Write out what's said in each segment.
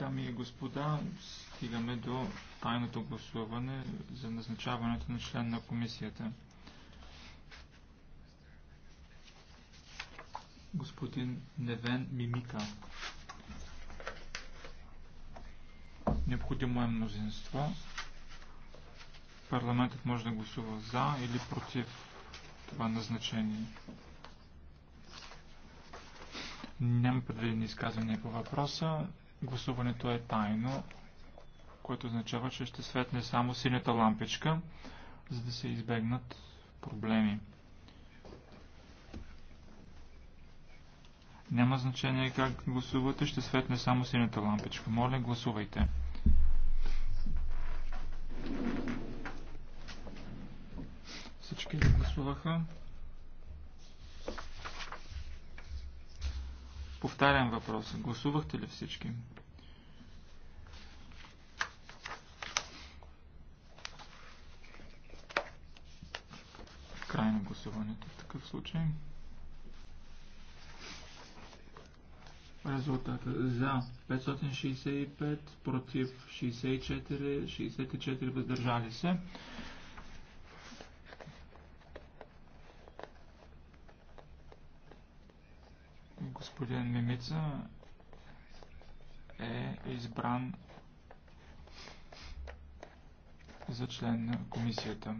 Дами и господа, стигаме до тайното гласуване за назначаването на член на комисията. Господин Невен Мимика. Необходимо е мнозинство. Парламентът може да гласува за или против това назначение. Няма предвидени изказвания по въпроса. Гласуването е тайно, което означава, че ще светне само синята лампичка, за да се избегнат проблеми. Няма значение как гласувате, ще светне само синята лампичка. Моля, гласувайте. Всички гласуваха? Повтарям въпроса. Гласувахте ли всички? Край на гласуването в такъв случай. Резултата за 565, против 64, 64 въздържали се. господин Мимица е избран за член на комисията.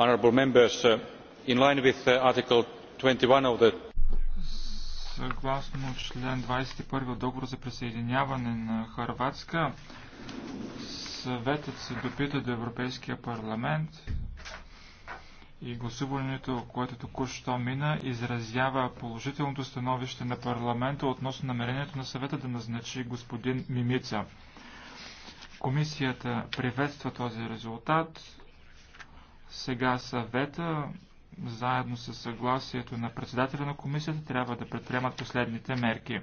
Honorable members, uh, in line with uh, Article 21 of the Съгласно член 21 от договор за присъединяване на Харватска, съветът се допита до Европейския парламент и гласуването, което току-що мина, изразява положителното становище на парламента относно намерението на съвета да назначи господин Мимица. Комисията приветства този резултат. Сега съвета, заедно с съгласието на председателя на комисията, трябва да предприемат последните мерки.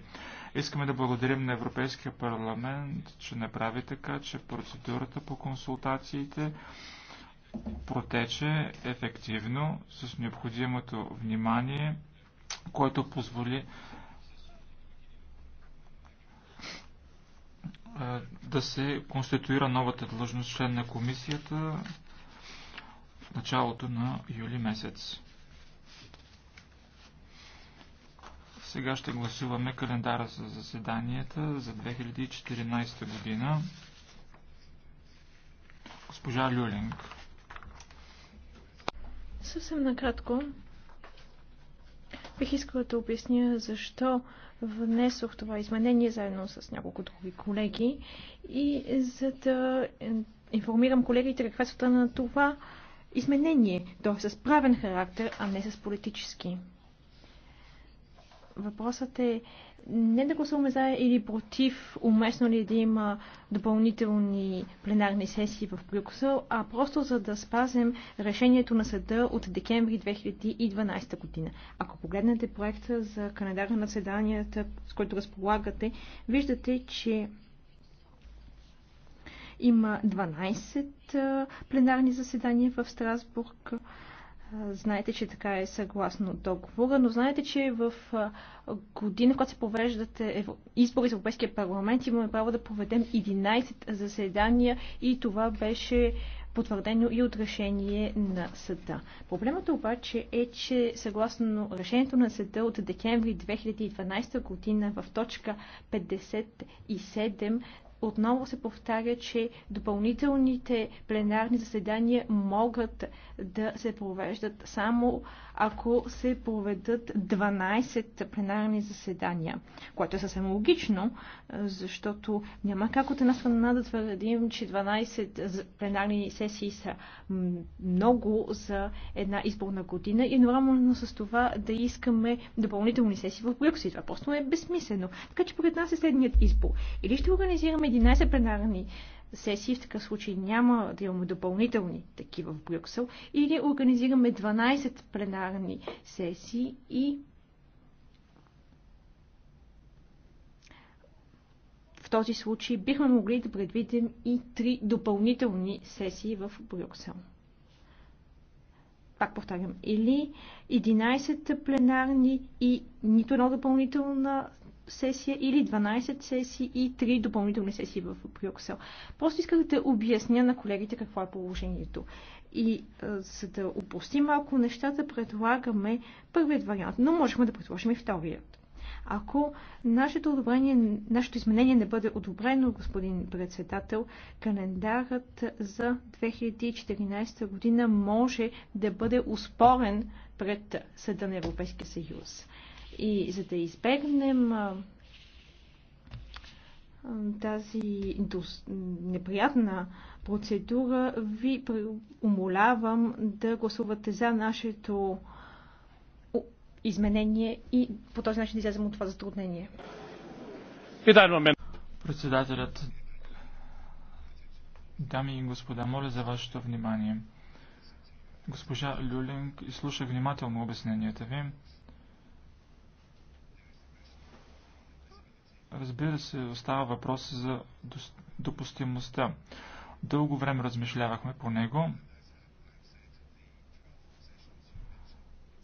Искаме да благодарим на Европейския парламент, че направи така, че процедурата по консултациите протече ефективно с необходимото внимание, което позволи да се конституира новата длъжност член на комисията в началото на юли месец. Сега ще гласуваме календара за заседанията за 2014 година. Госпожа Люлинг. Съвсем накратко бих искала да обясня защо внесох това изменение заедно с няколко други колеги и за да информирам колегите каква е на това изменение. То е с правен характер, а не с политически. Въпросът е не да гласуваме за или против, уместно ли е да има допълнителни пленарни сесии в Брюксел, а просто за да спазим решението на съда от декември 2012 година. Ако погледнете проекта за календара на заседанията, с който разполагате, виждате, че има 12 пленарни заседания в Страсбург. Знаете, че така е съгласно договора, но знаете, че в година, в която се провеждат избори за Европейския парламент, имаме право да проведем 11 заседания и това беше потвърдено и от решение на съда. Проблемата, обаче е, че съгласно решението на съда от декември 2012 година в точка 57 отново се повтаря, че допълнителните пленарни заседания могат да се провеждат само ако се проведат 12 пленарни заседания, което е съвсем логично, защото няма как от една страна да твърдим, че 12 пленарни сесии са много за една изборна година и едновременно с това да искаме допълнителни сесии в Брюксел. Това просто е безсмислено. Така че пред нас е следният избор. Или ще организираме 11 пленарни сесии, в такъв случай няма да имаме допълнителни такива в Брюксел, или организираме 12 пленарни сесии и в този случай бихме могли да предвидим и 3 допълнителни сесии в Брюксел пак повтарям, или 11 пленарни и нито едно допълнителна сесия или 12 сесии и 3 допълнителни сесии в Брюксел. Просто исках да обясня на колегите какво е положението. И а, за да упростим малко нещата, предлагаме първият вариант, но можем да предложим и вторият. Ако нашето, одобрение, нашето изменение не бъде одобрено, господин председател, календарът за 2014 година може да бъде успорен пред Съда на Европейския съюз. И за да избегнем тази неприятна процедура, ви умолявам да гласувате за нашето изменение и по този начин да излезем от това затруднение. Председателят, дами и господа, моля за вашето внимание. Госпожа Люлинг изслуша внимателно обясненията ви. Разбира се, остава въпрос за допустимостта. Дълго време размишлявахме по него.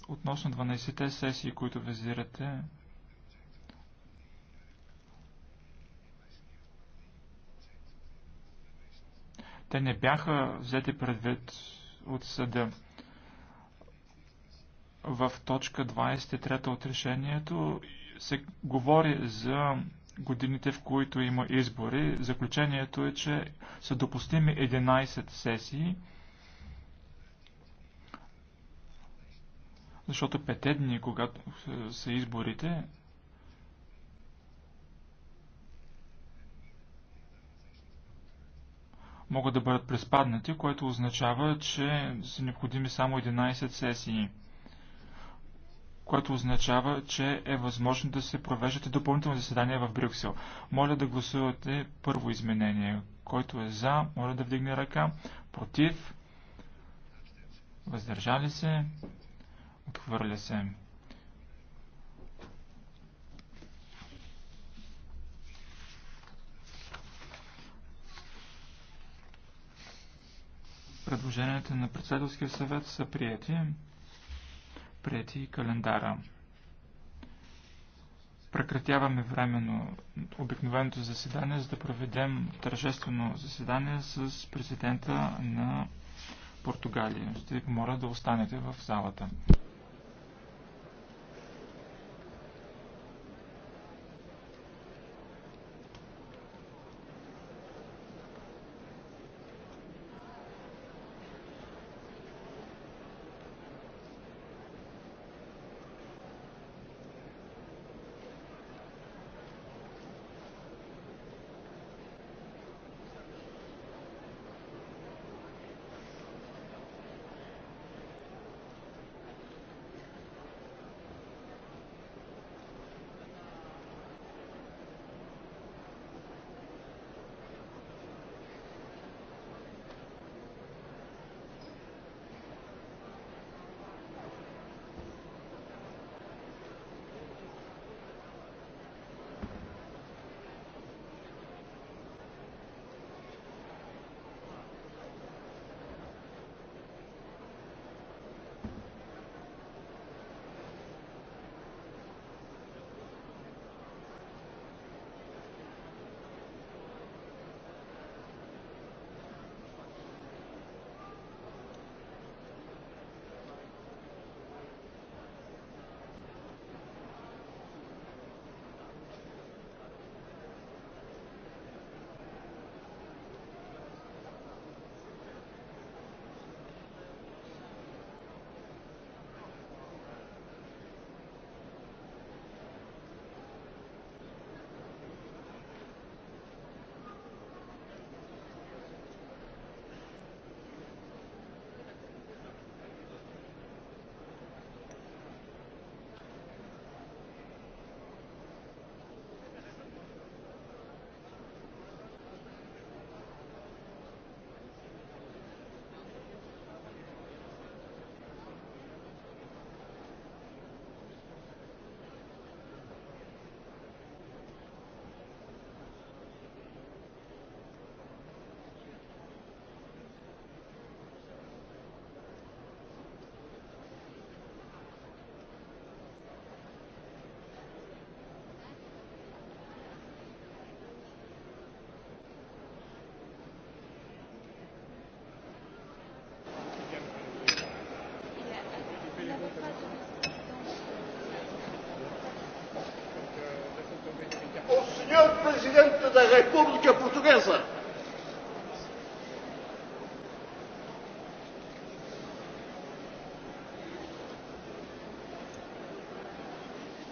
Относно 12-те сесии, които визирате, те не бяха взети предвид от съда. В точка 23 от решението се говори за годините, в които има избори. Заключението е, че са допустими 11 сесии, защото пете дни, когато са изборите, могат да бъдат преспаднати, което означава, че са необходими само 11 сесии което означава, че е възможно да се провеждат допълнителни заседания в Брюксел. Моля да гласувате първо изменение. Който е за, моля да вдигне ръка. Против, въздържали се, отхвърля се. Предложенията на председателския съвет са приятели прияти календара. Прекратяваме временно обикновеното заседание, за да проведем тържествено заседание с президента на Португалия. Ще ви помоля да останете в залата. ao Presidente da República Portuguesa.